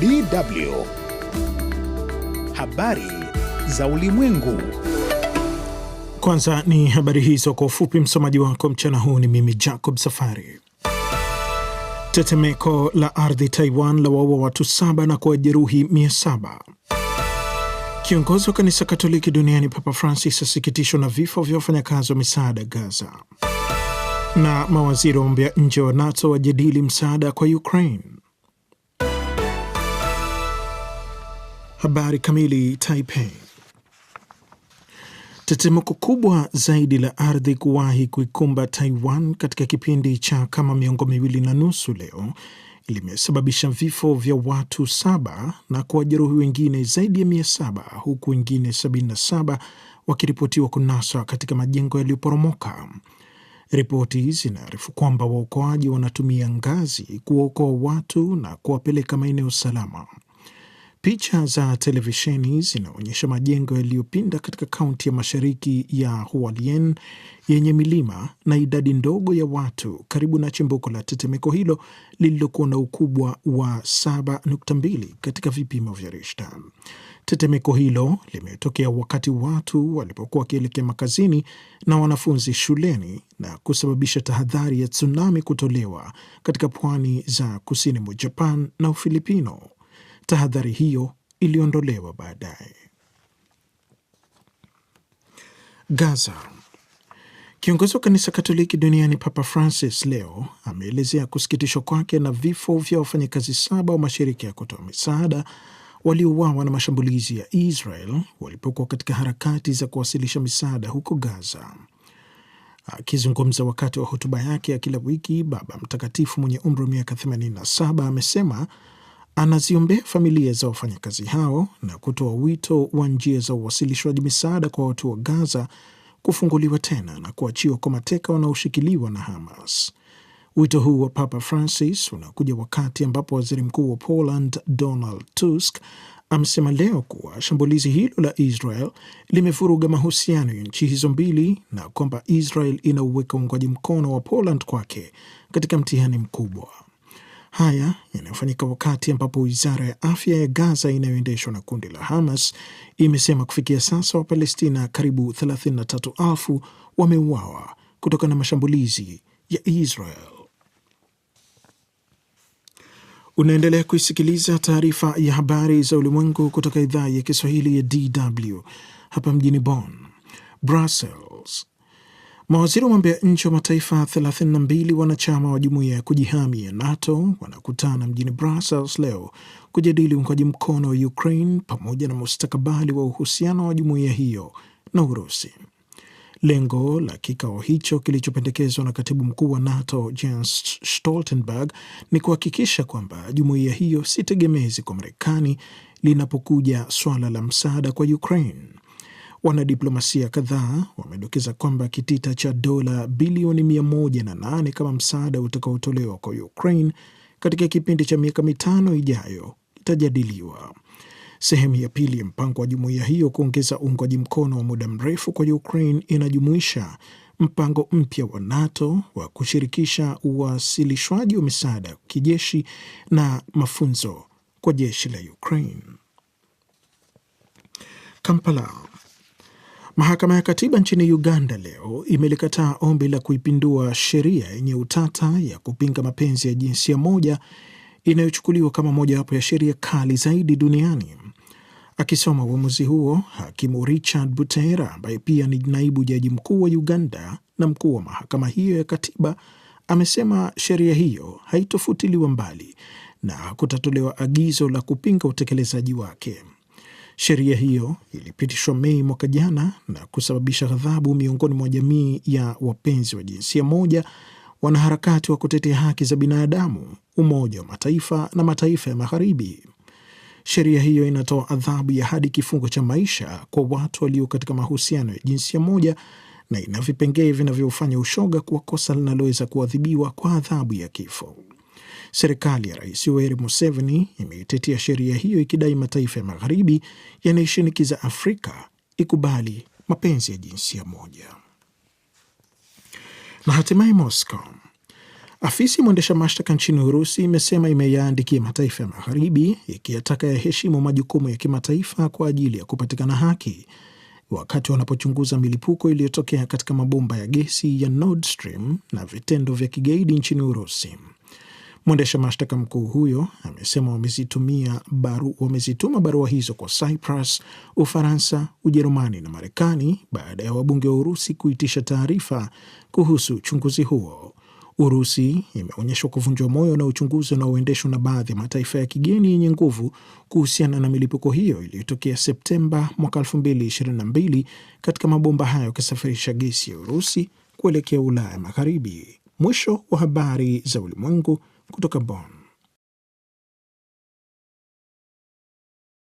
DW Habari za Ulimwengu. Kwanza ni habari hizo kwa ufupi. Msomaji wako mchana huu ni mimi Jacob Safari. Tetemeko la ardhi Taiwan la waua watu saba na kuwajeruhi mia saba. Kiongozi wa kanisa Katoliki duniani Papa Francis asikitishwa na vifo vya wafanyakazi wa misaada Gaza, na mawaziri wa mambo ya nje wa NATO wajadili msaada kwa Ukraine. Habari kamili. Taipei. Tetemeko kubwa zaidi la ardhi kuwahi kuikumba Taiwan katika kipindi cha kama miongo miwili na nusu leo limesababisha vifo vya watu saba na kuwajeruhi wengine zaidi ya mia saba huku wengine 77 wakiripotiwa kunaswa katika majengo yaliyoporomoka. Ripoti zinaarifu kwamba waokoaji wanatumia ngazi kuwaokoa watu na kuwapeleka maeneo salama. Picha za televisheni zinaonyesha majengo yaliyopinda katika kaunti ya mashariki ya Hualien yenye milima na idadi ndogo ya watu karibu na chimbuko la tetemeko hilo lililokuwa na ukubwa wa 7.2 katika vipimo vya rishta Tetemeko hilo limetokea wakati watu walipokuwa wakielekea makazini na wanafunzi shuleni na kusababisha tahadhari ya tsunami kutolewa katika pwani za kusini mwa Japan na Ufilipino. Tahadhari hiyo iliondolewa baadaye. Gaza. Kiongozi wa kanisa Katoliki duniani Papa Francis leo ameelezea kusikitishwa kwake na vifo vya wafanyakazi saba wa mashirika ya kutoa misaada waliouawa na mashambulizi ya Israel walipokuwa katika harakati za kuwasilisha misaada huko Gaza. Akizungumza wakati wa hotuba yake ya kila wiki, Baba Mtakatifu mwenye umri wa miaka 87 amesema Anaziombea familia za wafanyakazi hao na kutoa wito wa njia za uwasilishwaji misaada kwa watu wa Gaza kufunguliwa tena na kuachiwa kwa mateka wanaoshikiliwa na Hamas. Wito huu wa Papa Francis unakuja wakati ambapo waziri mkuu wa Poland Donald Tusk amesema leo kuwa shambulizi hilo la Israel limevuruga mahusiano ya nchi hizo mbili na kwamba Israel inauweka uungwaji mkono wa Poland kwake katika mtihani mkubwa. Haya yanayofanyika wakati ambapo wizara ya afya ya Gaza inayoendeshwa na kundi la Hamas imesema kufikia sasa Wapalestina karibu 33,000 wameuawa kutokana na mashambulizi ya Israel. Unaendelea kuisikiliza taarifa ya habari za ulimwengu kutoka idhaa ya Kiswahili ya DW hapa mjini Bonn. Brussels Mawaziri wa mambo ya nchi wa mataifa 32 wanachama wa jumuiya ya kujihami ya NATO wanakutana mjini Brussels leo kujadili uungaji mkono wa Ukraine pamoja na mustakabali wa uhusiano wa jumuiya hiyo na Urusi. Lengo la kikao hicho kilichopendekezwa na katibu mkuu wa NATO Jens Stoltenberg ni kuhakikisha kwamba jumuiya hiyo si tegemezi kwa Marekani linapokuja swala la msaada kwa Ukraine. Wanadiplomasia kadhaa wamedokeza kwamba kitita cha dola bilioni 108 kama msaada utakaotolewa kwa Ukraine katika kipindi cha miaka mitano ijayo itajadiliwa. Sehemu ya pili ya mpango wa jumuiya hiyo kuongeza uungwaji mkono wa muda mrefu kwa Ukraine inajumuisha mpango mpya wa NATO wa kushirikisha uwasilishwaji wa misaada ya kijeshi na mafunzo kwa jeshi la Ukraine. Kampala. Mahakama ya Katiba nchini Uganda leo imelikataa ombi la kuipindua sheria yenye utata ya kupinga mapenzi ya jinsia moja inayochukuliwa kama mojawapo ya sheria kali zaidi duniani. Akisoma uamuzi huo, hakimu Richard Butera ambaye pia ni naibu jaji mkuu wa Uganda na mkuu wa mahakama hiyo ya katiba amesema sheria hiyo haitofutiliwa mbali na kutatolewa agizo la kupinga utekelezaji wake. Sheria hiyo ilipitishwa Mei mwaka jana na kusababisha ghadhabu miongoni mwa jamii ya wapenzi wa jinsia moja, wanaharakati wa kutetea haki za binadamu, Umoja wa Mataifa na mataifa ya Magharibi. Sheria hiyo inatoa adhabu ya hadi kifungo cha maisha kwa watu walio katika mahusiano ya jinsia moja na ina vipengee vinavyofanya ushoga kuwa kosa linaloweza kuadhibiwa kwa adhabu ya kifo. Serikali ya Rais Yoweri Museveni imeitetea sheria hiyo ikidai mataifa ya magharibi yanayoshinikiza Afrika ikubali mapenzi ya jinsia moja. Na hatimaye Moscow, afisi mwendesha mashtaka nchini Urusi imesema imeyaandikia mataifa ya magharibi ikiyataka yaheshimu majukumu ya kimataifa kwa ajili ya kupatikana haki wakati wanapochunguza milipuko iliyotokea katika mabomba ya gesi ya Nord Stream na vitendo vya kigaidi nchini Urusi. Mwendesha mashtaka mkuu huyo amesema wamezituma baru, barua hizo kwa Cyprus, Ufaransa, Ujerumani na Marekani baada ya wabunge wa Urusi kuitisha taarifa kuhusu uchunguzi huo. Urusi imeonyeshwa kuvunjwa moyo na uchunguzi unaoendeshwa na baadhi ya mataifa ya kigeni yenye nguvu kuhusiana na milipuko hiyo iliyotokea Septemba mwaka 2022 katika mabomba hayo yakisafirisha gesi ya Urusi kuelekea Ulaya Magharibi. Mwisho wa habari za ulimwengu. do Cambon.